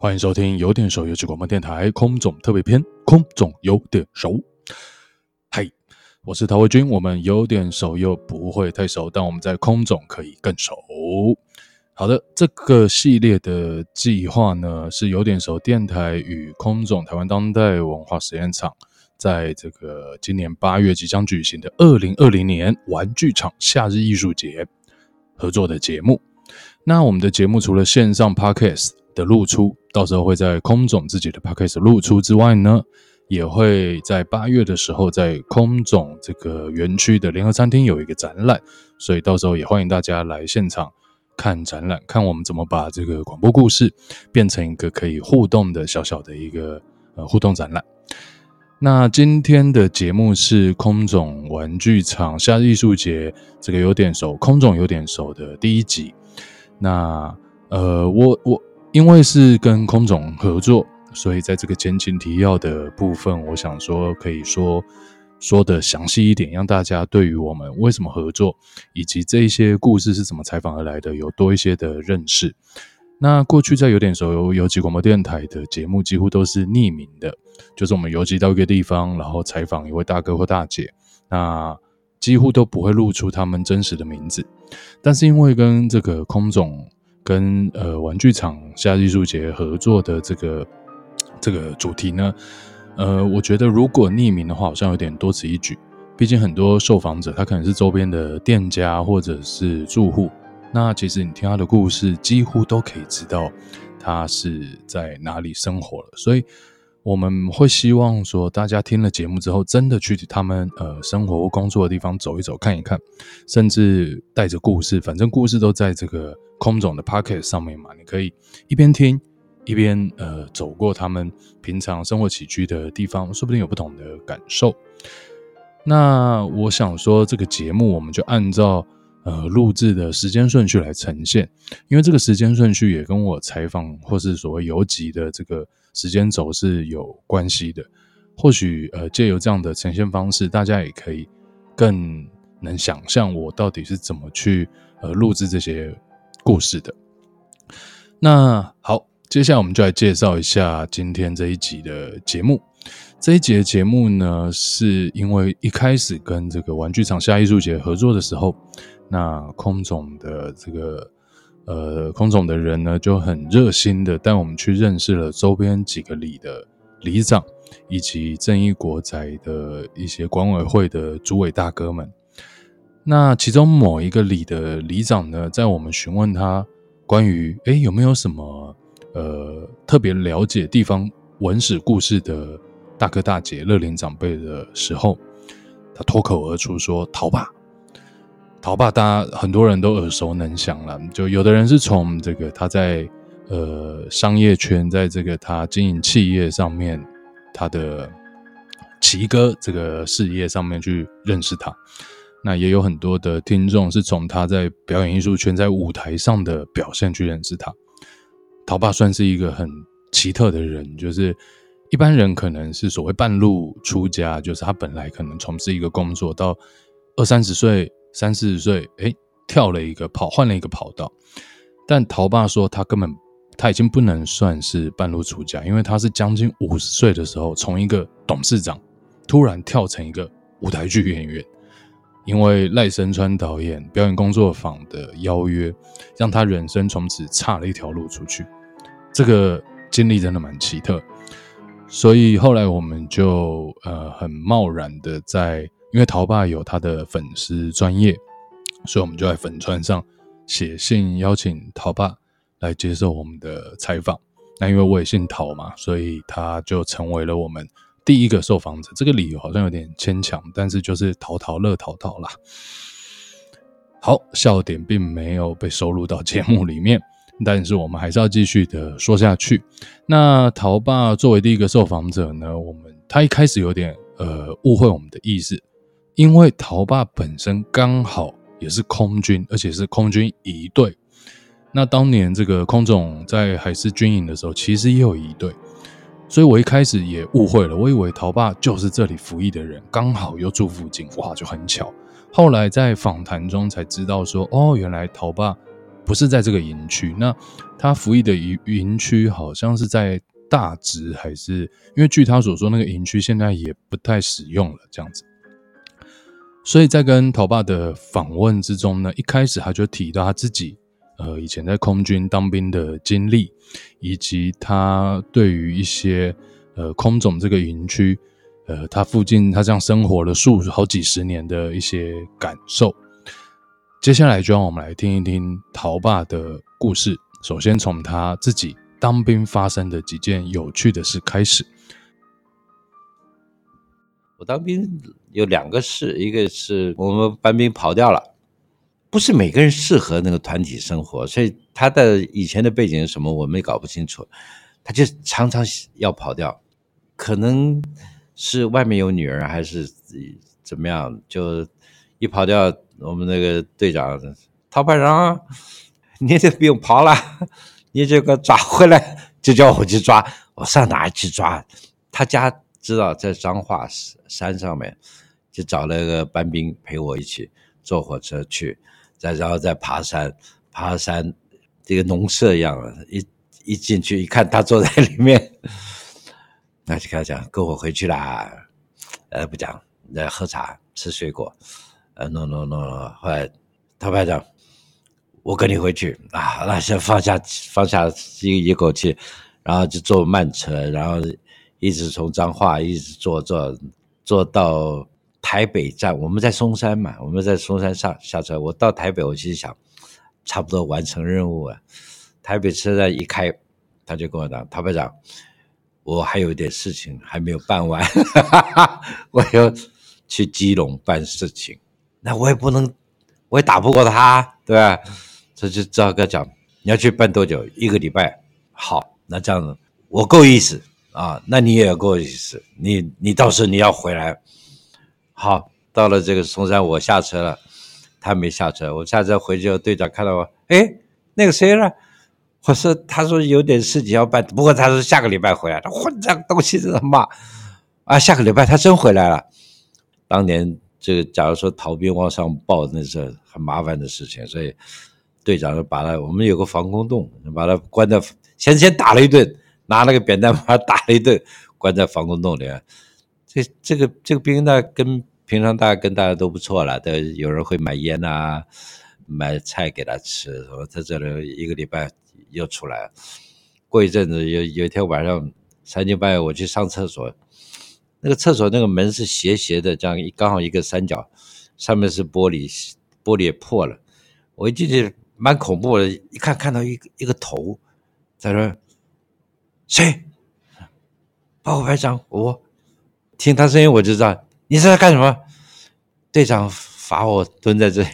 歡迎收聽有點熟游擊廣播電台空總特別篇，空總有點熟。嗨，我是陶維君。我們有點熟又不會太熟，但我們在空總可以更熟。好的，這個系列的計劃呢，是有點熟電台與空總台灣當代文化實驗場在這個今年八月即將舉行的二零二零年玩聚場夏日藝術節合作的節目。那我們的節目除了線上 Podcast。的露出，到時候會在空總自己的 podcast 露出之外呢，也會在八月的時候在空總這個園區的聯合餐廳有一個展覽，所以到時候也歡迎大家來現場看展覽，看我們怎麼把這個廣播故事變成一個可以互動的小小的一個呃互動展覽。那今天的節目是空總玩聚場夏日藝術節，這個有點熟，空總有點熟的第一集。那呃，我我。因為是跟空總合作，所以在這個前情提要的部分，我想說可以說說的詳細一點，讓大家對於我們為什麼合作，以及這些故事是怎麼採訪而來的，有多一些的認識。那過去在有點熟游擊廣播電台的節目，幾乎都是匿名的，就是我們游擊到一個地方，然後採訪一位大哥或大姐，那幾乎都不會露出他們真實的名字。但是因為跟這個空總。跟呃玩聚場夏日藝術節合作的這個這個主題呢，呃，我覺得如果匿名的話，好像有點多此一舉。畢竟很多受訪者，他可能是周邊的店家或者是住戶，那其實你聽他的故事，幾乎都可以知道他是在哪裡生活了。所以我們會希望說，大家聽了節目之後，真的去他們呃生活或工作的地方走一走、看一看，甚至帶着故事，反正故事都在這個。空中的 pocket 上面嘛，你可以一邊聽一邊呃走過他們平常生活起居的地方，說不定有不同的感受。那我想說，這個節目我們就按照呃錄制的時間順序來呈現，因為這個時間順序也跟我採訪或是所謂遊記的這個時間軸是有關係的。或許呃借由這樣的呈現方式，大家也可以更能想象我到底是怎麼去呃錄制這些。故事的，那好，接下來我們就來介紹一下今天這一集的節目。這一集的節目呢，是因為一開始跟這個玩聚場夏日藝術節合作的時候，那空總的這個呃空總的人呢就很熱心的帶我們去認識了周邊幾個里的里長以及正義國宅的一些管委會的主委大哥們。那其中某一個里的里長呢，在我們詢問他關於誒有沒有什麼呃特別了解地方文史故事的大哥大姐、樂齡長輩的時候，他脫口而出說：“陶爸，陶爸」。大家很多人都耳熟能詳了。就有的人是從這個他在呃商業圈，在這個他經營企業上面，他的奇哥這個事業上面去認識他。”那也有很多的聽眾是從他在表演藝術圈、在舞台上的表現去認識他。陶爸算是一個很奇特的人，就是一般人可能是所謂半路出家，就是他本來可能從事一個工作，到二三十歲、三四十歲，誒，跳了一個跑，換了一個跑道。但陶爸說，他根本他已經不能算是半路出家，因為他是將近五十歲的時候，從一個董事長突然跳成一個舞台劇演員。因為賴聲川導演表演工作坊的邀約，讓他人生從此岔了一條路出去。這個經歷真的蠻奇特，所以後來我們就呃很貿然的在，因為陶爸有他的粉絲專業，所以我們就在粉川上寫信邀請陶爸來接受我們的採訪。那因為我也姓陶嘛，所以他就成為了我們。第一個受訪者，這個理由好像有點牽強，但是就是淘淘樂淘淘啦。好，笑點並沒有被收錄到節目裡面，但是我們還是要繼續的說下去。那陶爸作為第一個受訪者呢，我們他一開始有點呃誤會我們的意思，因為陶爸本身剛好也是空軍，而且是空軍儀隊。那當年這個空總在海事軍營的時候，其實也有儀隊。所以，我一開始也誤會了，我以為陶爸就是這裡服役的人，剛好又住附近，哇，就很巧。後來在訪談中才知道說，說哦，原來陶爸不是在這個營區，那他服役的營營區好像是在大直，還是因為據他所說，那個營區現在也不太使用了，這樣子。所以在跟陶爸的訪問之中呢，一開始他就提到他自己。呃，以前在空軍當兵的經歷，以及他對於一些呃空總這個營區，呃，他附近他這樣生活了數好幾十年的一些感受。接下來就讓我們來聽一聽陶爸的故事。首先從他自己當兵發生的幾件有趣的事開始。我當兵有兩個事，一個是我們班兵跑掉了。不是每個人適合那個團體生活，所以他的以前的背景是什麼，我們也搞不清楚。他就常常要跑掉，可能是外面有女人還是怎麼樣，就一跑掉，我們那個隊長，陶班長，你的兵跑了，你就給我抓回來，就叫我去抓，我上哪去抓？他家知道在彰化山上面，就找了個班兵陪我一起坐火車去。再然後，再爬山，爬山，這個農舍一樣的，一一進去一看，他坐在裡面，那就開始講，跟我回去啦，呃，不講，來喝茶，吃水果，呃，no no no，後來，陶排長，我跟你回去啊，那先放下放下吸一口氣，然後就坐慢車，然後一直從彰化一直坐坐坐到。台北站，我們在松山嘛，我們在松山上下車。我到台北我其實想，我就想差不多完成任務啊。台北車站一開，他就跟我講：“陶排長，我還有點事情還沒有辦完，哈哈哈，我要去基隆辦事情。”那我也不能，我也打不過他，對吧？這就照個講：“你要去辦多久？一個禮拜。”好，那這樣子，我夠意思啊，那你也夠意思。你你到時候你要回來。好，到了這個松山，我下車了，他沒下車。我下車回去後，隊長看到我，誒，那個誰呢？我說，他說有點事情要辦，不過他說下個禮拜回來。他混賬東西，這媽啊！下個禮拜他真回來了。當年這個，假如說逃兵往上報，那是很麻煩的事情，所以隊長就把他，我們有個防空洞，把他關在前幾天打了一頓，拿那個扁擔把他打了一頓，關在防空洞裡面。這這個這個兵呢，跟平常大跟大家都不錯了，都有人會買煙啊，買菜給他吃。然後在這裡一個禮拜又出來了。過一陣子有有一天晚上三更半夜我去上廁所，那個廁所那個門是斜斜的，這樣一剛好一個三角，上面是玻璃，玻璃也破了。我一進去蠻恐怖的，一看看到一個一個頭在那兒。誰？報告排長，我。聽他聲音，我就知道你是在幹什麼。隊長罰我蹲在這裡，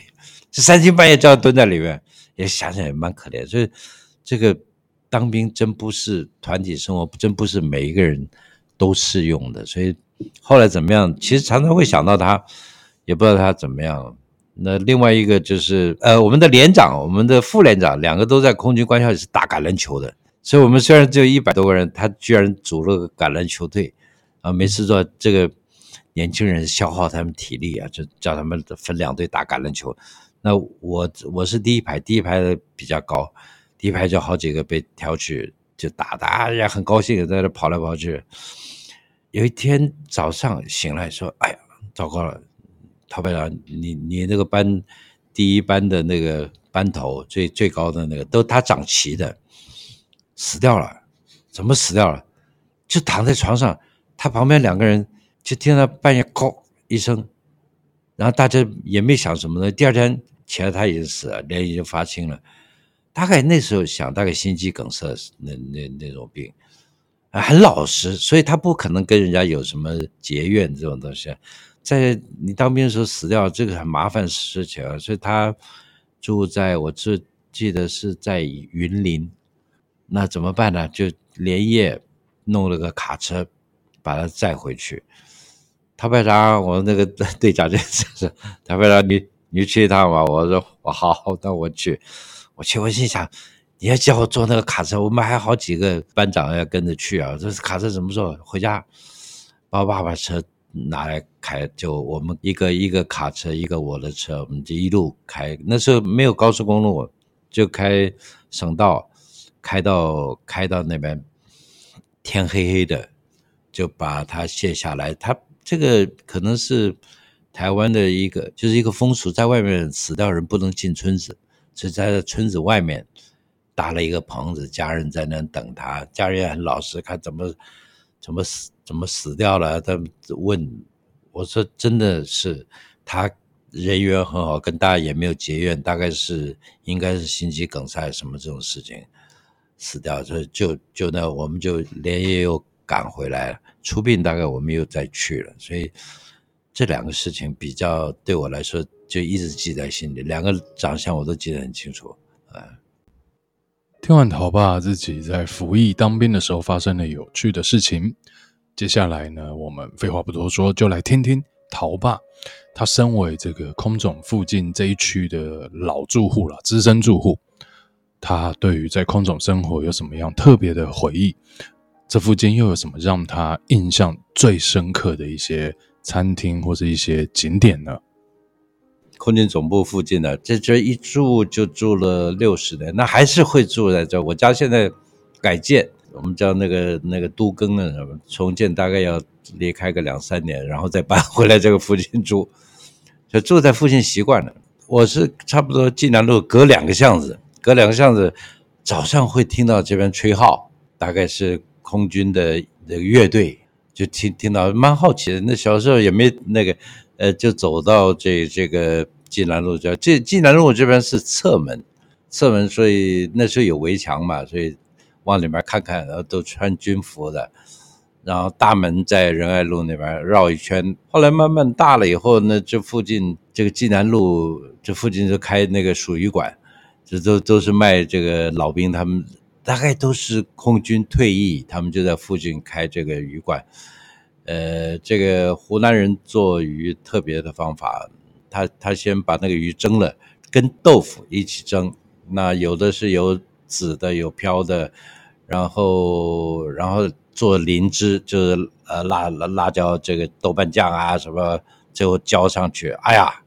這三更半夜就要蹲在裡面，也想想也蠻可憐。所以，這個當兵真不是團體生活，真不是每一個人都適用的。所以後來怎麼樣？其實常常會想到他，也不知道他怎麼樣。那另外一個就是，呃，我們的連長，我們的副連長，兩個都在空軍官校裡是打橄欖球的。所以我們雖然只有一百多個人，他居然組了個橄欖球隊。啊，沒事做，這個年輕人消耗他們體力啊，就叫他們分兩隊打橄欖球。那我我是第一排，第一排的比較高，第一排就好幾個被挑去就打打，啊，人家很高興，的在那跑來跑去。有一天早上醒來，說：“哎呀，糟糕了，陶班長，你你那個班第一班的那個班頭最，最最高的那個，都他長齊的死掉了，怎麼死掉了？就躺在床上。”他旁邊兩個人就聽到半夜“高”一聲，然後大家也沒想什麼的。第二天起來，他已經死了，臉已經發青了。大概那時候想，大概心肌梗塞那那那種病，很老實，所以他不可能跟人家有什麼結怨這種東西。在你當兵的時候死掉，這個很麻煩的事情，所以他住在，我就記得是在雲林，那怎麼辦呢？就連夜弄了個卡車。把他載回去，他為啥？我那個隊長就，是陶班長，你你去一趟吧。我說我好，那我去，我去。我心想，你要叫我坐那個卡車，我們還好幾個班長要跟着去啊。這是卡車怎麼坐？回家把我爸爸車拿來開，就我們一個一個卡車，一個我的車，我們就一路開。那時候沒有高速公路，就開省道，開到開到那邊，天黑黑的。就把他卸下來，他這個可能是台灣的一個，就是一個風俗，在外面死掉人不能進村子，就在村子外面搭了一個棚子，家人在那等他，家人也很老實，看怎麼怎麼死怎麼死掉了。他問我說：“真的是他人緣很好，跟大家也沒有結怨，大概是應該是心肌梗塞什麼這種事情死掉。”所以就就就就那，我們就連夜又趕回來了。出殯大概我沒有再去了，所以這兩個事情比較對我來說就一直記在心裡，兩個長相我都記得很清楚。嗯，聽完陶爸自己在服役當兵的時候發生了有趣的事情，接下來呢，我們廢話不多說，就來聽聽陶爸，他身為這個空總附近這一區的老住戶了，資深住戶，他對於在空總生活有什麼樣特別的回憶？這附近又有什麼讓他印象最深刻的一些餐廳或者一些景點呢？空軍總部附近的，這這一住就住了六十年，那還是會住在這。我家現在改建，我們叫那個那個都更的什麼，重建大概要離開個兩三年，然後再搬回來這個附近住。就住在附近習慣了，我是差不多濟南路隔兩個巷子，隔兩個巷子，早上會聽到這邊吹號，大概是。空軍的樂隊，就聽聽到，蠻好奇的。那小時候也沒那個，呃，就走到這這個濟南路這這濟南路這邊是側門，側門，所以那時候有圍牆嘛，所以往裡面看看，然後都穿軍服的。然後大門在仁愛路那邊繞一圈，後來慢慢大了以後呢，那這附近這個濟南路這附近就開那個蜀魚館，這都都是賣這個老兵他們。大概都是空軍退役，他們就在附近開這個魚館。呃，這個湖南人做魚特別的方法，他他先把那個魚蒸了，跟豆腐一起蒸。那有的是有籽的，有飄的，然後然後做淋汁，就是呃辣辣辣椒這個豆瓣醬啊什麼，最後澆上去。哎呀，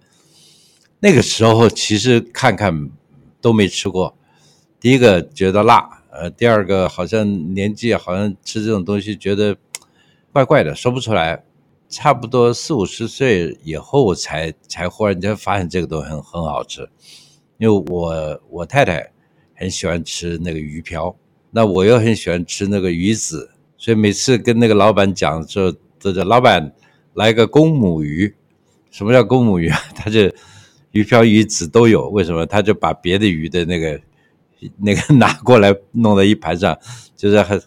那個時候其實看看都沒吃過，第一個覺得辣。呃，第二個好像年紀好像吃這種東西，覺得怪怪的，說不出來。差不多四五十歲以後才才忽然間發現這個東西很很好吃。因為我我太太很喜歡吃那個魚鰾，那我又很喜歡吃那個魚子，所以每次跟那個老闆講，就都叫老闆來個公母魚。什麼叫公母魚啊？他就魚鰾魚子都有，為什麼？他就把別的魚的那個。那個拿過來弄在一盤上，就是很，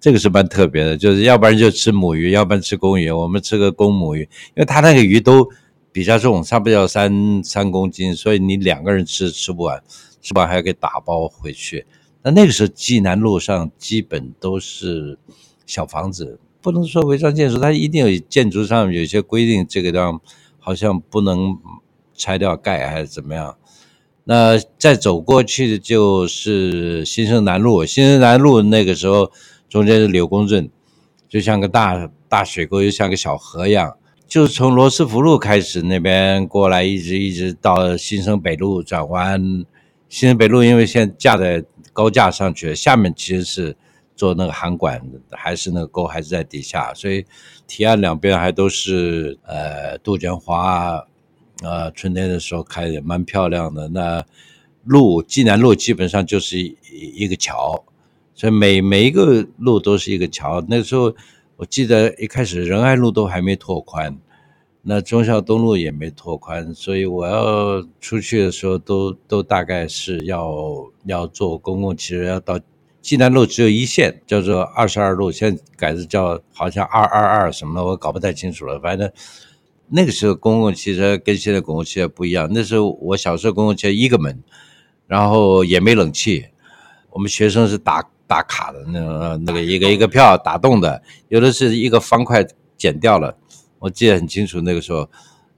這個是蠻特別的，就是要不然就吃母魚，要不然吃公魚。我們吃個公母魚，因為它那個魚都比較重，差不多要三三公斤，所以你兩個人吃吃不完，是吧？還要給打包回去。那那個時候濟南路上基本都是小房子，不能說違章建築，它一定有建築上有些規定，這個地方好像不能拆掉蓋還是怎麼樣。那再走過去就是新生南路，新生南路那個時候中間是瑠公圳，就像個大大水溝，又像個小河一樣。就是從羅斯福路開始那邊過來，一直一直到新生北路轉彎。新生北路因為現在架在高架上去，下面其實是做那個涵管，還是那個溝還是在底下，所以堤岸兩邊還都是呃杜鵑花。啊，春天的時候開的蠻漂亮的。那路濟南路基本上就是一個橋，所以每每一個路都是一個橋。那時候我記得一開始仁愛路都還沒拓寬，那忠孝東路也沒拓寬，所以我要出去的時候都都大概是要要坐公共汽車，其實要到濟南路只有一線，叫做二十二路，現在改的叫好像二二二什麼了，我搞不太清楚了，反正。那個時候公共汽車跟現在公共汽車不一樣。那時候我小時候公共汽車一個門，然後也沒冷氣。我們學生是打打卡的，那那個一個一個票打洞的，有的是一個方塊剪掉了。我記得很清楚，那個時候，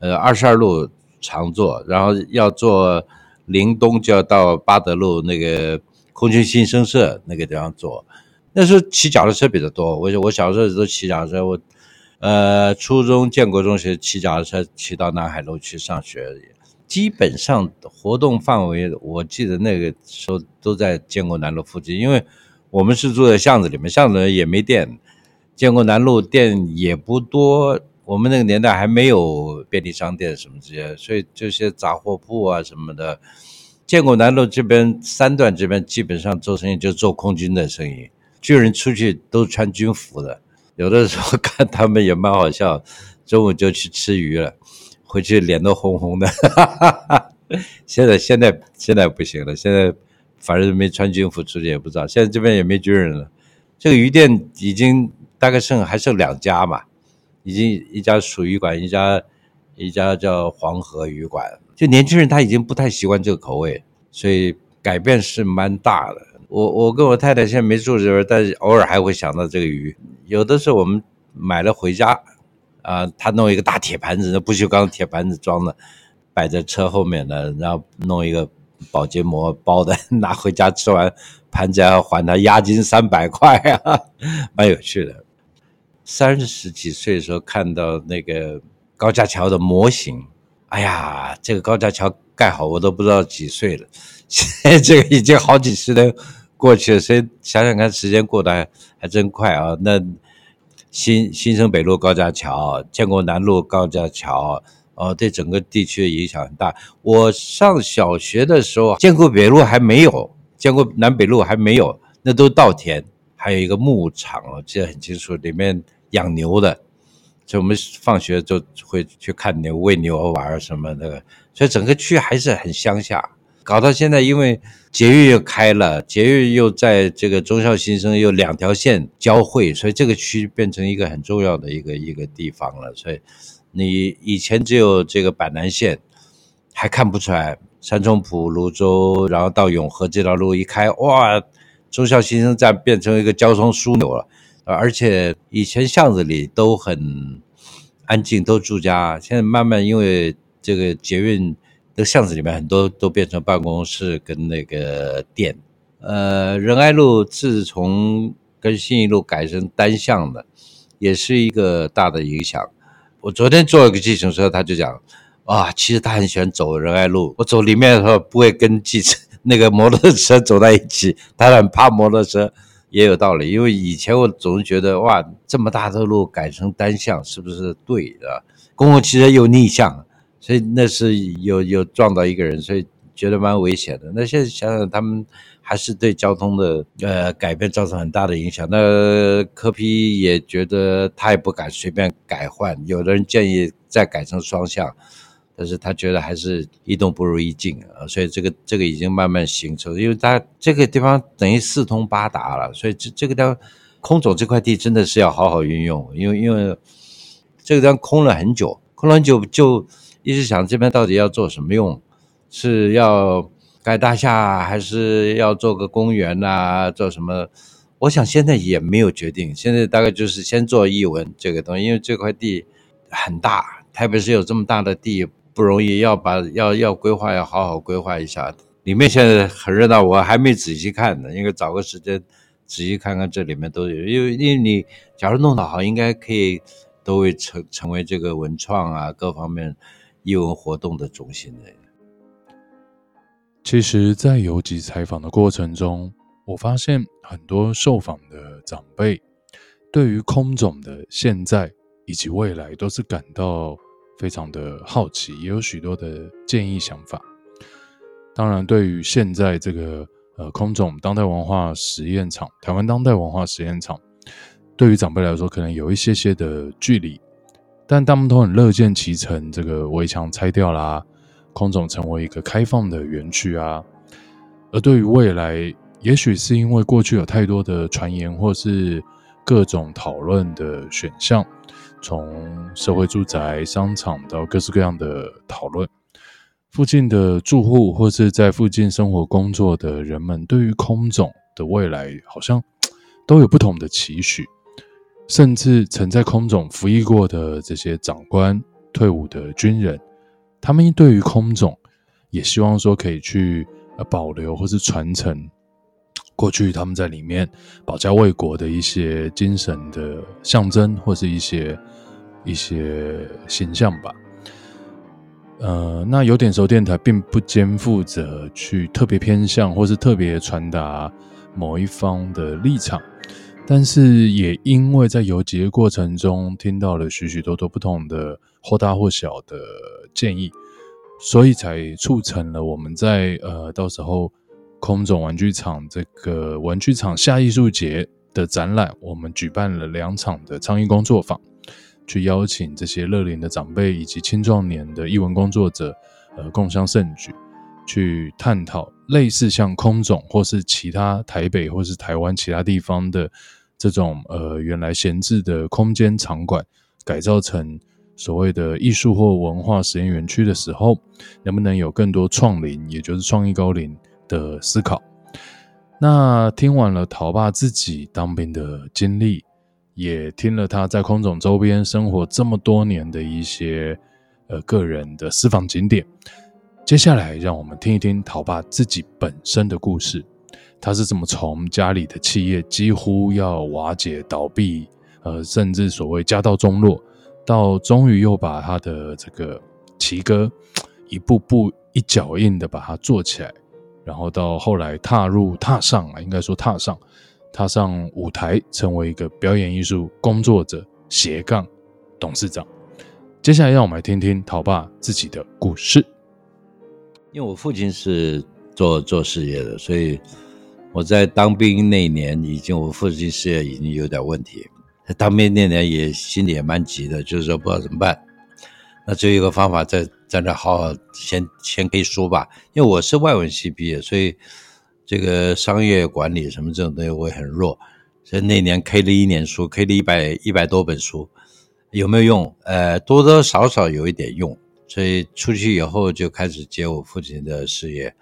呃，二十二路常坐，然後要坐零東就要到八德路那個空軍新生社那個地方坐。那時候騎腳踏車比較多，我我小時候都騎腳踏車。我呃，初中，建國中學騎腳踏車騎到南海路去上學。基本上活動範圍，我記得那個時候都在建國南路附近，因為我們是住在巷子裡面，巷子也沒店。建國南路店也不多。我們那個年代還沒有便利商店什麼這些，所以這些雜貨鋪啊什麼的，建國南路這邊三段這邊基本上做生意就做空軍的生意，軍人出去都穿軍服的。有的時候看他們也蠻好笑，中午就去吃魚了，回去臉都紅紅的。哈哈哈哈。現在現在現在不行了，現在反正沒穿軍服出去也不知道。現在這邊也沒軍人了，這個魚店已經大概剩還剩兩家嘛，已經一家蜀魚館，一家一家叫黃河魚館。就年輕人他已經不太習慣這個口味，所以改變是蠻大的。我我跟我太太現在沒住這邊，但是偶爾還會想到這個魚。有的時候我們買了回家，啊、呃，他弄一個大鐵盤子，那不鏽鋼鐵盤子裝的，擺在車後面的，然後弄一個保鮮膜包的，拿回家吃完，盤子還要還他押金三百塊啊，蠻有趣的。三十幾歲的時候看到那個高架橋的模型。哎呀，這個高架橋蓋好，我都不知道幾歲了。現在這個已經好幾十年過去了，所以想想看，時間過得還，還真快啊。那新新生北路高架橋、建國南路高架橋，哦，對整個地區的影響很大。我上小學的時候，建國北路還沒有，建國南北路還沒有，那都是稻田，還有一個牧場，我記得很清楚，裡面養牛的。所以我們放學就會去看牛，餵牛兒玩什麼的。所以整個區還是很鄉下。搞到現在，因為捷運又開了，捷運又在這個中孝新生又兩條線交匯，所以這個區變成一個很重要的一個一個地方了。所以你以前只有這個板南線，還看不出來。三重浦瀘州，然後到永和這條路一開，哇，中孝新生站變成一個交通樞紐了。而且以前巷子裡都很安靜，都住家。現在慢慢因為這個捷運的巷子裡面很多都變成辦公室跟那個店。呃，仁愛路自從跟信義路改成單向的，也是一個大的影響。我昨天坐了個計程車，他就講，啊，其實他很喜歡走仁愛路。我走裡面的時候不會跟計程那個摩托車走在一起，他很怕摩托車。也有道理，因為以前我總是覺得哇，這麼大的路改成單向是不是對的？公共汽車又逆向，所以那是有有撞到一個人，所以覺得蠻危險的。那現在想想，他們還是對交通的呃改變造成很大的影響。那柯 P 也覺得他也不敢隨便改換，有的人建議再改成雙向。但是他覺得還是一動不如一靜啊，所以這個這個已經慢慢形成，因為它這個地方等於四通八達了，所以這這個地方空總這塊地真的是要好好運用，因為因為這個地方空了很久，空了很久就一直想這邊到底要做什麼用，是要蓋大廈還是要做個公園吶、啊，做什麼？我想現在也沒有決定，現在大概就是先做藝文這個東西，因為這塊地很大，特別是有這麼大的地。不容易，要把要要規劃，要好好規劃一下。裡面現在很熱鬧，我還沒仔細看呢，應該找個時間仔細看看這裡面都有。因為因為你假如弄得好，應該可以都會成成為這個文創啊，各方面藝文活動的中心的。其實，在游擊採訪的過程中，我發現很多受訪的長輩對於空總的現在以及未來都是感到。非常的好奇，也有許多的建議想法。當然，對於現在這個呃空總當代文化實驗場，台灣當代文化實驗場，對於長輩來說，可能有一些些的距離，但他們都很樂見其成，這個圍牆拆掉啦，空總成為一個開放的園區啊。而對於未來，也許是因為過去有太多的傳言或是各種討論的選項。從社會住宅、商場到各式各樣的討論，附近的住戶或是在附近生活工作的人們，對於空總的未來好像都有不同的期許。甚至曾在空總服役過的這些長官、退伍的軍人，他們對於空總也希望說可以去呃保留或是傳承。過去他們在裡面保家衛國的一些精神的象徵，或是一些一些形象吧。呃，那有點熟電台並不肩負着去特別偏向，或是特別傳達某一方的立場，但是也因為在游擊的過程中聽到了許許多多不同的或大或小的建議，所以才促成了我們在呃到時候。空總玩聚場這個玩聚場夏日藝術節的展覽，我們舉辦了兩場的創意工作坊，去邀請這些樂齡的長輩以及青壯年的藝文工作者，呃，共襄盛舉，去探討類似像空總或是其他台北或是台灣其他地方的這種呃原來閒置的空間場館，改造成所謂的藝術或文化實驗園區的時候，能不能有更多創齡，也就是創意高齡。的思考。那聽完了陶爸自己當兵的經歷，也聽了他在空總周邊生活這麼多年的一些呃個人的私房景點。接下來，讓我們聽一聽陶爸自己本身的故事，他是怎麼從家裡的企業幾乎要瓦解倒閉，呃，甚至所謂家道中落，到終於又把他的這個奇哥一步步一腳印的把它做起來。然後到後來踏入、踏上啊，應該說踏上、踏上舞台，成為一個表演藝術工作者，斜槓董事長。接下來讓我們來聽聽陶爸自己的故事。因為我父親是做做事業的，所以我在當兵那年，已經我父親事業已經有點問題。當兵那年也心裡也蠻急的，就是說不知道怎麼辦。那只有一個方法，在在那好好先先 K 書吧。因為我是外文系畢業，所以這個商業管理什麼這種東西我也很弱。所以那年 K 了一年書，K 了一百一百多本書，有沒有用？呃，多多少少有一點用。所以出去以後就開始接我父親的事業，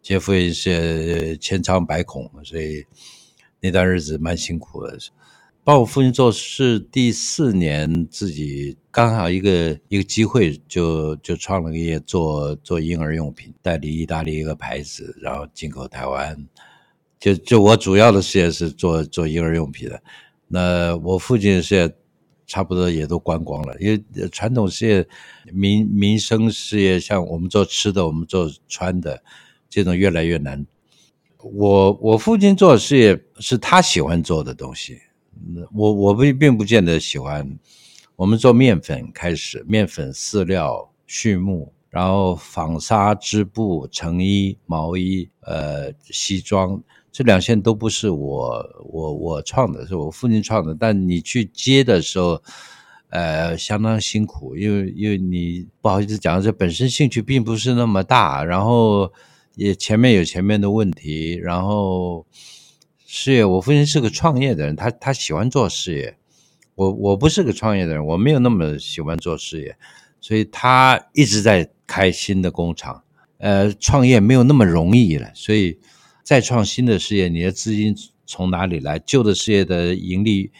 接父親是千瘡百孔，所以那段日子蠻辛苦的。幫我父親做事第四年，自己剛好一個一個機會就，就就創了個業做，做做嬰兒用品，代理意大利一個牌子，然後進口台灣。就就我主要的事業是做做嬰兒用品的，那我父親的事業差不多也都關光，光了，因為傳統事業、民民生事業，像我們做吃的，我們做穿的，這種越來越難。我我父親做的事業是他喜歡做的東西。我我不並不見得喜歡。我們做麵粉開始，麵粉、飼料、畜牧，然後紡紗、織布、成衣、毛衣，呃，西裝這兩線都不是我我我創的，是我父親創的。但你去接的時候，呃，相當辛苦，因為因為你不好意思講，這本身興趣並不是那麼大，然後也前面有前面的問題，然後。事業，我父親是個創業的人，他他喜歡做事業。我我不是個創業的人，我沒有那麼喜歡做事業，所以他一直在開新的工廠。呃，創業沒有那麼容易了，所以再創新的事業，你的資金從哪裡來？舊的事業的盈利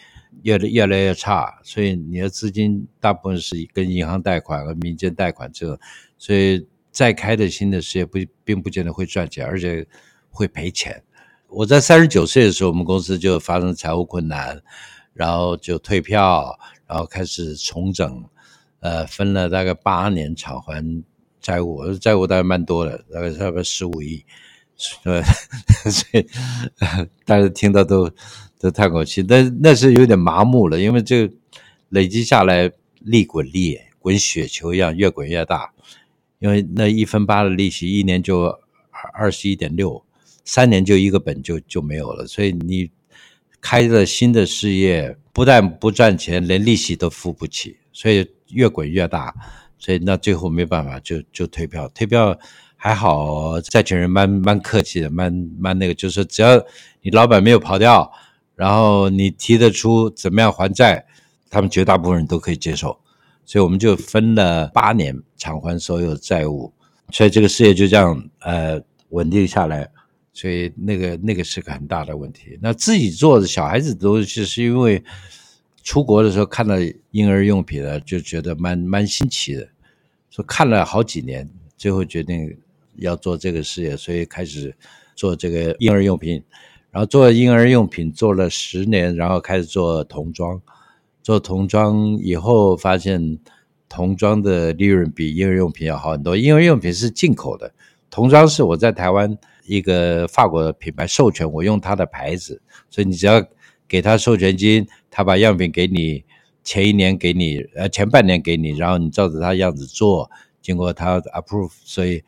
越來越來越差，所以你的資金大部分是跟銀行貸款和民間貸款這種，所以再開的新的事業不並不見得會賺錢，而且會賠錢。我在三十九歲的時候，我們公司就發生財務困難，然後就退票，然後開始重整。呃，分了大概八年償還債務，債務大概蠻多的，大概差不多十五億。呃，所以大家聽到都都嘆口氣，那那是有點麻木了，因為這累積下來利滾利，滾雪球一樣越滾越大。因為那一分八的利息，一年就二二十一點六。三年就一個本就就沒有了，所以你開了新的事業，不但不賺錢，連利息都付不起，所以越滾越大，所以那最後沒辦法就就退票。退票還好，債權人蠻蠻客氣的，蠻蠻那個，就是只要你老闆沒有跑掉，然後你提得出怎麼樣還債，他們絕大部分人都可以接受，所以我們就分了八年償還所有債務，所以這個事業就這樣呃穩定下來。所以那個那個是個很大的問題。那自己做的小孩子都是是因為出國的時候看到嬰兒用品呢，就覺得蠻蠻新奇的，說看了好幾年，最後決定要做這個事業，所以開始做這個嬰兒用品。然後做嬰兒用品做了十年，然後開始做童裝。做童裝以後發現，童裝的利潤比嬰兒用品要好很多。嬰兒用品是進口的，童裝是我在台灣。一個法國的品牌授權我用它的牌子，所以你只要給他授權金，他把樣品給你，前一年給你，呃，前半年給你，然後你照着他樣子做，經過他 approve，所以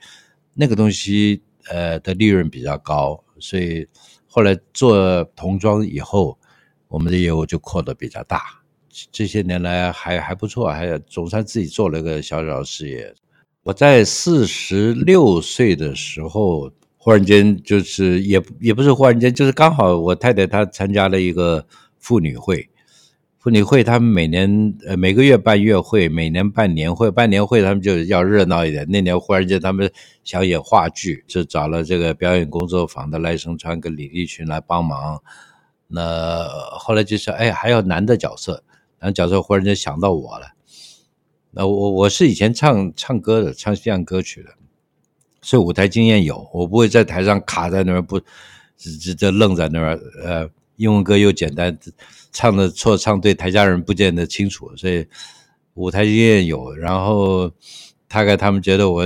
那個東西呃的利潤比較高，所以後來做童裝以後，我們的業務就擴得比較大，這些年來還還不錯，還總算自己做了個小小事業。我在四十六歲的時候。忽然間，就是也也不是忽然間，就是剛好我太太她參加了一個婦女會，婦女會他們每年呃每個月辦月會，每年辦年會，辦年會他們就要熱鬧一點。那年忽然間他們想演話劇，就找了這個表演工作坊的賴聲川跟李立群來幫忙。那後來就是哎還有男的角色，男角色忽然間想到我了。那我我是以前唱唱歌的，唱西洋歌曲的，所以舞台經驗有，我不會在台上卡在那兒，不，直直直愣在那兒。呃，英文歌又簡單，唱的錯唱對，台下人不見得清楚。所以舞台經驗有，然後大概他們覺得我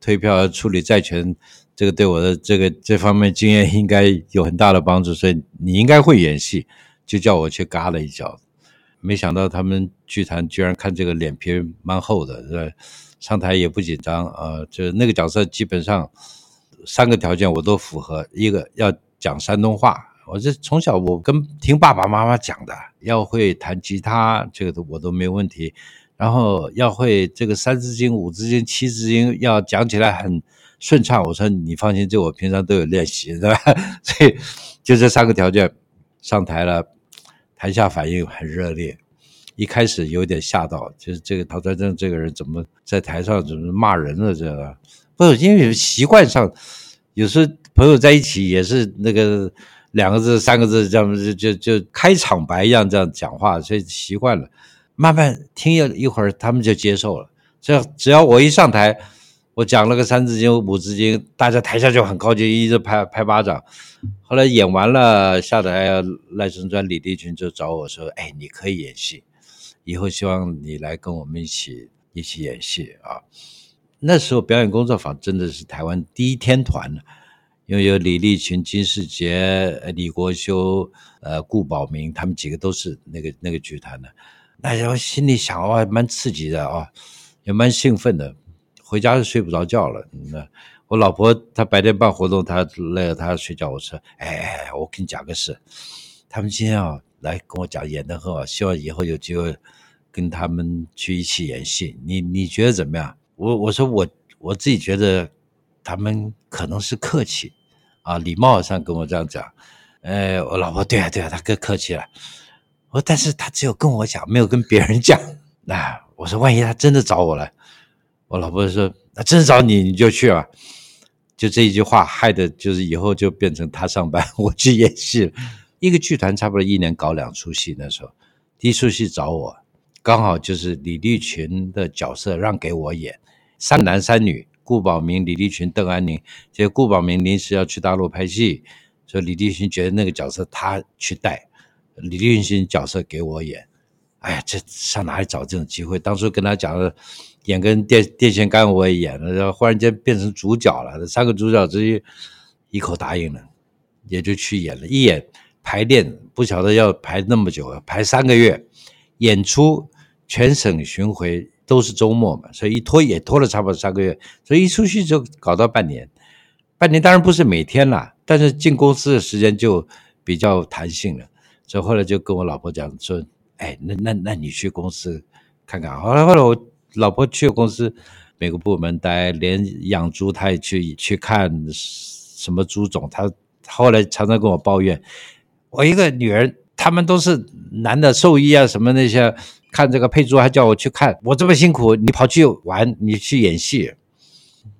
退票要處理債權，這個對我的這個這方面經驗應該有很大的幫助。所以你應該會演戲，就叫我去嘎了一腳，沒想到他們劇團居然看這個臉皮蠻厚的，上台也不緊張啊、呃，就是那個角色，基本上三個條件我都符合：一個要講山東話，我這從小我跟聽爸爸媽媽講的；要會彈吉他，這個都我都沒問題；然後要會這個三字經、五字經、七字經，要講起來很順暢。我說你放心，這我平常都有練習，對吧？所以就這三個條件上台了，台下反應很熱烈。一開始有點嚇到，就是這個陶傳正這個人怎麼在台上怎麼罵人了？這個、啊，不是，因為習慣上，有時候朋友在一起也是那個兩個字、三個字這樣就就就開場白一樣這樣講話，所以習慣了。慢慢聽一會兒，他們就接受了。這只要我一上台，我講了個三字經、五字經，大家台下就很高興，一直拍拍巴掌。後來演完了下台，賴聲川、李立群就找我說：“哎，你可以演戲。”以後希望你來跟我們一起一起演戲啊！那時候表演工作坊真的是台灣第一天團的，因為有李立群、金士傑、李國修、呃顧寶明，他們幾個都是那個那個劇團的。那時候心裡想哇、哦，蠻刺激的啊，也蠻興奮的，回家就睡不着覺了。嗯、我老婆她白天辦活動，她累了她睡覺，我說哎，我跟你講個事，他們今天啊。來跟我講演得很好，希望以後有機會跟他們去一起演戲。你你覺得怎麼樣？我我說我我自己覺得他們可能是客氣啊，禮貌上跟我這樣講。呃、哎，我老婆對啊對啊，他更客氣了。我說，但是他只有跟我講，沒有跟別人講。那、哎、我說，萬一他真的找我了，我老婆說，那真的找你你就去啊。就這一句話，害得就是以後就變成他上班，我去演戲。一個劇團差不多一年搞兩出戲，那時候第一出戲找我，剛好就是李立群的角色讓給我演，三男三女，顧寶明、李立群、鄧安寧。結果顧寶明臨時要去大陸拍戲，所以李立群覺得那個角色他去帶，李立群角色給我演。哎呀，這上哪裡找這種機會？當初跟他講的，演個電電線杆我也演了，然後忽然間變成主角了，三個主角之一，一口答應了，也就去演了，一演。排練不曉得要排那麼久，排三個月，演出全省巡迴都是周末嘛，所以一拖也拖了差不多三個月，所以一出去就搞到半年。半年當然不是每天啦，但是進公司的時間就比較彈性了。所以後來就跟我老婆講說：“哎，那那那你去公司看看。”後來後來我老婆去公司每個部門待，連養豬他也去去看什麼豬種，他後來常常跟我抱怨。我一個女人，他們都是男的獸醫啊，什麼那些看這個配珠還叫我去看。我這麼辛苦，你跑去玩，你去演戲。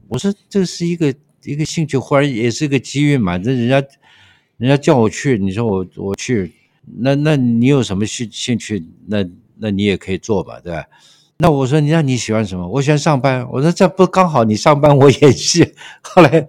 我說這是一個一個興趣忽然也是一個機遇嘛。這人家人家叫我去，你說我我去，那那你有什麼興興趣？那那你也可以做吧，對吧？那我說你那你喜歡什麼？我喜歡上班。我說這不剛好你上班，我演戲。後來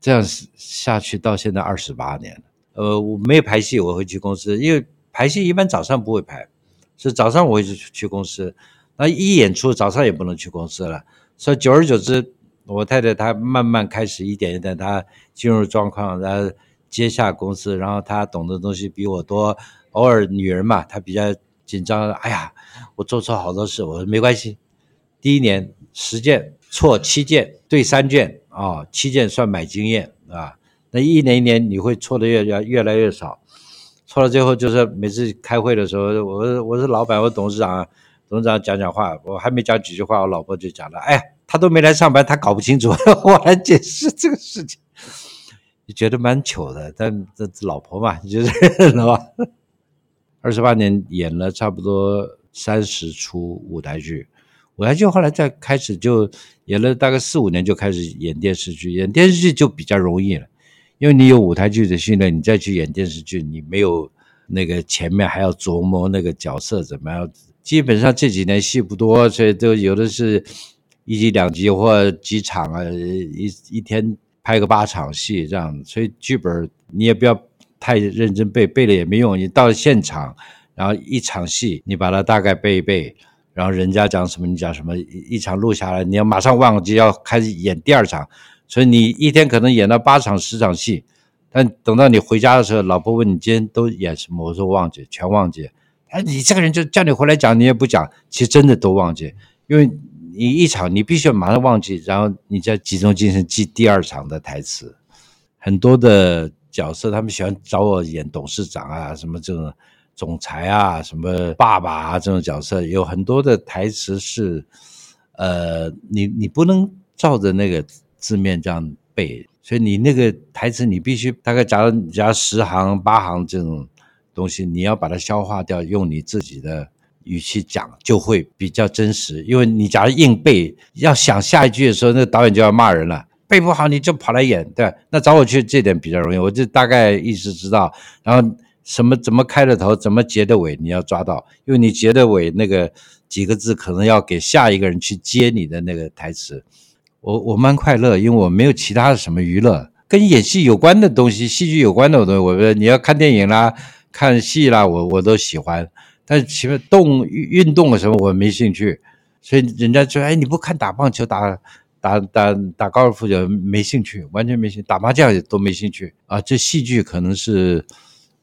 這樣下去到現在二十八年了。呃，我沒有排戲，我會去公司，因為排戲一般早上不會排，所以早上我會去去公司。那一演出早上也不能去公司了，所以久而久之，我太太她慢慢開始一點一點她進入狀況，然後接下公司，然後她懂的東西比我多。偶爾女人嘛，她比較緊張。哎呀，我做錯好多事，我說沒關係。第一年十件，錯七件，對三件啊，哦，七件算買經驗啊。是吧。那一年一年你會錯的越越越來越少，錯到最後就是每次開會的時候，我我是老板，我董事長啊，董事長講講話，我還沒講幾句話，我老婆就講了，哎，他都沒來上班，他搞不清楚，呵呵我來解釋這個事情，你覺得蠻糗的，但這是老婆嘛，就是得，道吧？二十八年演了差不多三十出舞台劇，舞台劇後來再開始就演了大概四五年就開始演電視劇，演電視劇就比較容易了。因為你有舞台劇的訓練，你再去演電視劇，你沒有那個前面還要琢磨那個角色怎麼樣。基本上這幾年戲不多，所以都有的是一集兩集或幾場啊，一一天拍個八場戲這樣，所以劇本你也不要太認真背，背了也沒用。你到了現場，然後一場戲你把它大概背一背，然後人家講什麼你講什麼，一場錄下來，你要馬上忘記，要開始演第二場。所以你一天可能演到八場十場戲，但等到你回家的時候，老婆問你今天都演什麼，我說忘記，全忘記。哎，你這個人就叫你回來講，你也不講。其實真的都忘記，因為你一場你必須要馬上忘記，然後你再集中精神記第二場的台詞。很多的角色，他們喜歡找我演董事長啊，什麼這種總裁啊，什麼爸爸啊這種角色，有很多的台詞是，呃，你你不能照着那個，字面這樣背，所以你那個台詞你必須大概，假如假如十行八行這種東西，你要把它消化掉，用你自己的語氣講，就會比較真實。因為你假如硬背，要想下一句的時候，那個導演就要罵人了。背不好你就跑來演，對，那找我去這點比較容易，我就大概意思知道，然後什麼怎麼開的頭，怎麼結的尾，你要抓到，因為你結的尾那個幾個字可能要給下一個人去接你的那個台詞。我我蠻快樂，因為我沒有其他的什麼娛樂，跟演戲有關的東西，戲劇有關的我都，我說你要看電影啦，看戲啦，我我都喜歡。但其實動運動什麼我沒興趣，所以人家說，哎，你不看打棒球、打打打打高爾夫球沒興趣，完全沒興趣，打麻將也都沒興趣啊。這戲劇可能是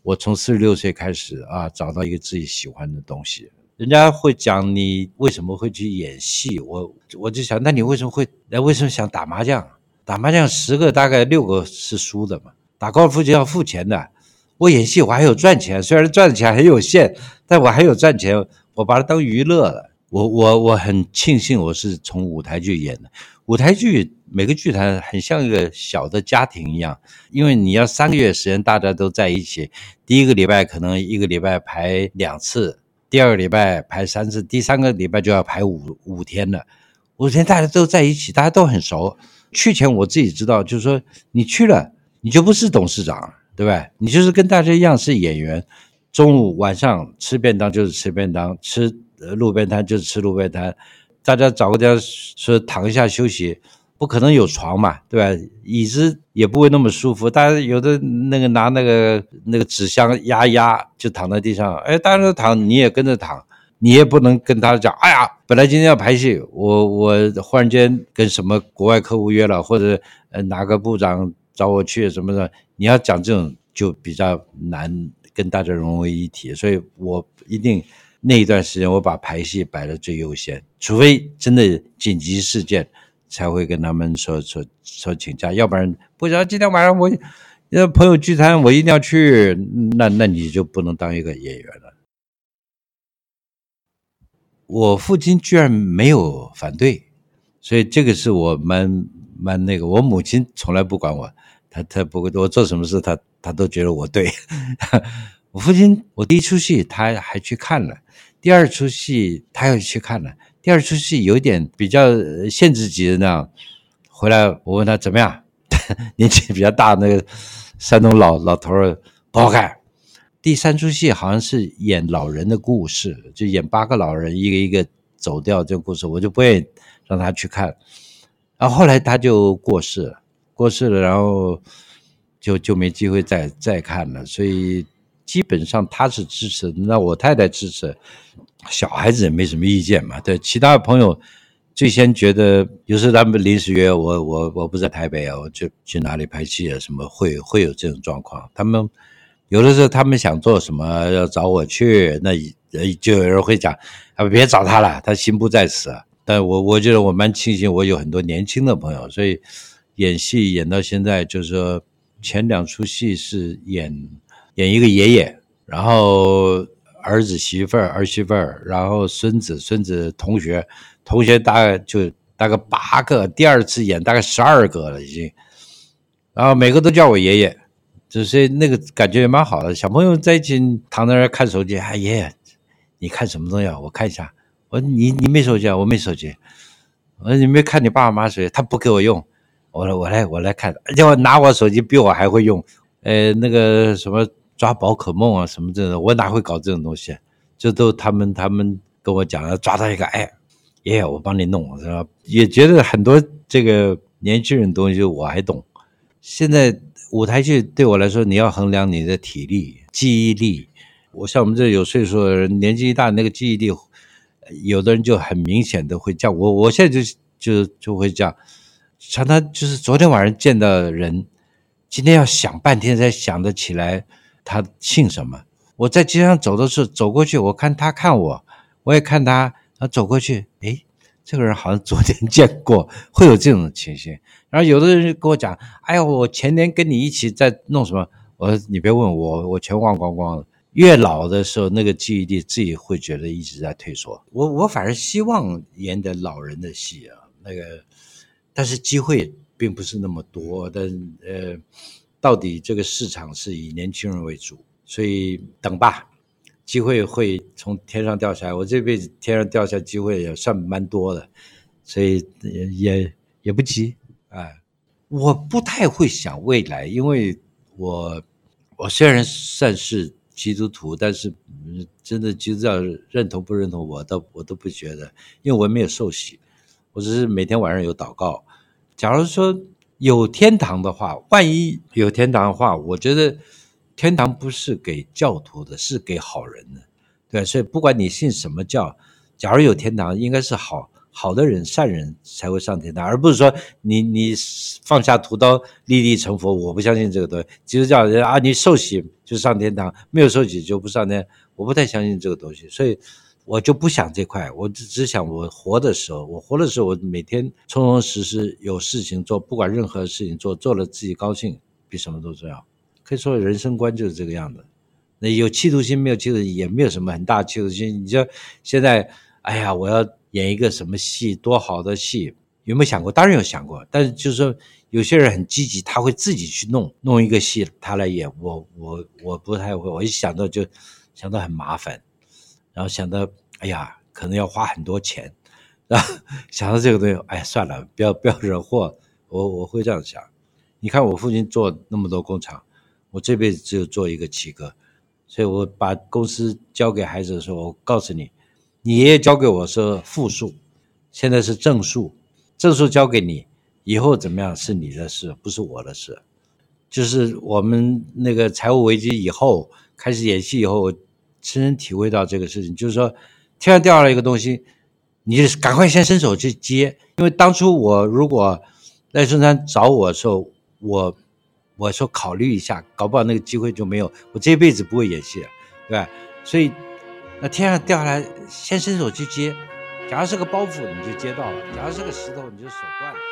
我從四十六歲開始啊，找到一個自己喜歡的東西。人家會講，你為什麼會去演戲？我我就想，那你為什麼會？那為什麼想打麻將？打麻將十個大概六個是輸的嘛，打高爾夫就要付錢的。我演戲我還有賺錢，雖然賺錢很有限，但我還有賺錢，我把它當娛樂了。我我我很慶幸我是從舞台劇演的，舞台劇每個劇團很像一個小的家庭一樣，因為你要三個月時間大家都在一起，第一個禮拜可能一個禮拜排兩次。第二個禮拜排三次，第三個禮拜就要排五五天了。五天大家都在一起，大家都很熟。去前我自己知道，就是說你去了，你就不是董事長，對吧？你就是跟大家一樣是演員。中午晚上吃便當就是吃便當，吃路邊攤就是吃路邊攤。大家找個地方說躺一下休息。不可能有床嘛，對吧？椅子也不會那麼舒服。但是有的那個拿那個那個紙箱壓壓，就躺在地上。哎，大家都躺，你也跟着躺。你也不能跟他講，哎呀，本來今天要排戲，我我忽然間跟什麼國外客戶約了，或者呃哪個部長找我去什麼的。你要講這種，就比較難跟大家融為一體。所以，我一定那一段時間我把排戲擺在最優先，除非真的緊急事件，才會跟他們說說說請假，要不然不然今天晚上我，那朋友聚餐我一定要去，那那你就不能當一個演員了。我父親居然沒有反對，所以這個是我蠻蠻那個。我母親從來不管我，他他不會，我做什麼事他，他他都覺得我對。 我父親我第一出戲他還去看了，第二出戲他又去看了。第二出戲有點比較限制級的，回來我問他怎麼樣？年紀比較大那個山東老老頭不好看。第三出戲好像是演老人的故事，就演八個老人一個一個走掉這個故事，我就不願意讓他去看。然後後來他就過世了，過世了，然後就就沒機會再再看了，所以基本上他是支持，那我太太支持。小孩子也沒什麼意見嘛。對其他朋友，最先覺得有時候他們臨時約我，我我不在台北啊，我就去哪裡拍戲啊？什麼會會有這種狀況？他們有的時候他們想做什麼要找我去，那呃就有人會講，啊別找他了，他心不在此啊。但我我覺得我蠻慶幸，我有很多年輕的朋友，所以演戲演到現在，就是說前兩齣戲是演演一個爺爺，然後。兒子媳婦兒兒媳婦兒，然後孫子孫子同學同學，大概就大概八個，第二次演大概十二個了已經，然後每個都叫我爺爺，就是那個感覺也蠻好的，小朋友在一起躺在那看手機，哎爺爺，你看什麼東西啊？我看一下，我說你你沒手機啊？我沒手機，我說你沒看你爸爸媽媽手機，他不給我用，我來我來我來看，而且我拿我手機比我還會用，呃、哎、那個什麼。抓寶可夢啊什麼這種，我哪會搞這種東西啊？這都他們他們跟我講了，抓到一個哎，耶！我幫你弄是吧？也覺得很多這個年輕人東西我還懂。現在舞台劇對我來說，你要衡量你的體力、記憶力。我像我們這有歲數的人，年紀一大，那個記憶力，有的人就很明顯的會這樣，我我現在就就就會這樣，常常就是昨天晚上見到人，今天要想半天才想得起來。他姓什麼？我在街上走的時候走過去，我看他看我，我也看他，他走過去，誒，這個人好像昨天見過，會有這種情形。然後有的人就跟我講，哎呀，我前天跟你一起在弄什麼？我說你別問我，我全忘光光了。越老的時候，那個記憶力自己會覺得一直在退縮。我我反而希望演點老人的戲啊，那個，但是機會並不是那麼多，但是呃。到底這個市場是以年輕人為主，所以等吧，機會會從天上掉下來。我這輩子天上掉下來機會也算蠻多的，所以也也不急啊，嗯。我不太會想未來，因為我我雖然算是基督徒，但是真的基督教認同不認同我都，我倒我都不覺得，因為我沒有受洗，我只是每天晚上有禱告。假如說。有天堂的話，萬一有天堂的話，我覺得天堂不是給教徒的，是給好人的，對，所以不管你信什麼教，假如有天堂，應該是好好的人、善人才會上天堂，而不是說你你放下屠刀立地成佛。我不相信這個東西，基督教人啊，你受洗就上天堂，沒有受洗就不上天，我不太相信這個東西，所以。我就不想這塊，我只只想我活的時候，我活的時候，我每天充充實實有事情做，不管任何事情做，做了自己高興，比什麼都重要。可以說人生觀就是這個樣子。那有企圖心沒有企圖心，也沒有什麼很大企圖心。你就現在，哎呀，我要演一個什麼戲，多好的戲，有沒有想過？當然有想過，但是就是說有些人很積極，他會自己去弄，弄一個戲他來演。我我我不太會，我一想到就想到很麻煩，然後想到。哎呀，可能要花很多錢，然、啊、後想到這個東西，哎呀，算了，不要不要惹禍，我我會這樣想。你看我父親做那麼多工廠，我這輩子只有做一個七哥，所以我把公司交給孩子的時候，我告訴你，你爺爺交給我是負數，現在是正數，正數交給你，以後怎麼樣是你的事，不是我的事。就是我們那個財務危機以後，開始演戲以後，我深深體會到這個事情，就是說。天上掉下來一個東西，你就趕快先伸手去接。因為當初我如果賴聲川找我的時候，我，我說考慮一下，搞不好那個機會就沒有，我這一輩子不會演戲了，對吧？所以，那天上掉下來，先伸手去接。假如是個包袱，你就接到了；假如是個石頭，你就手斷了。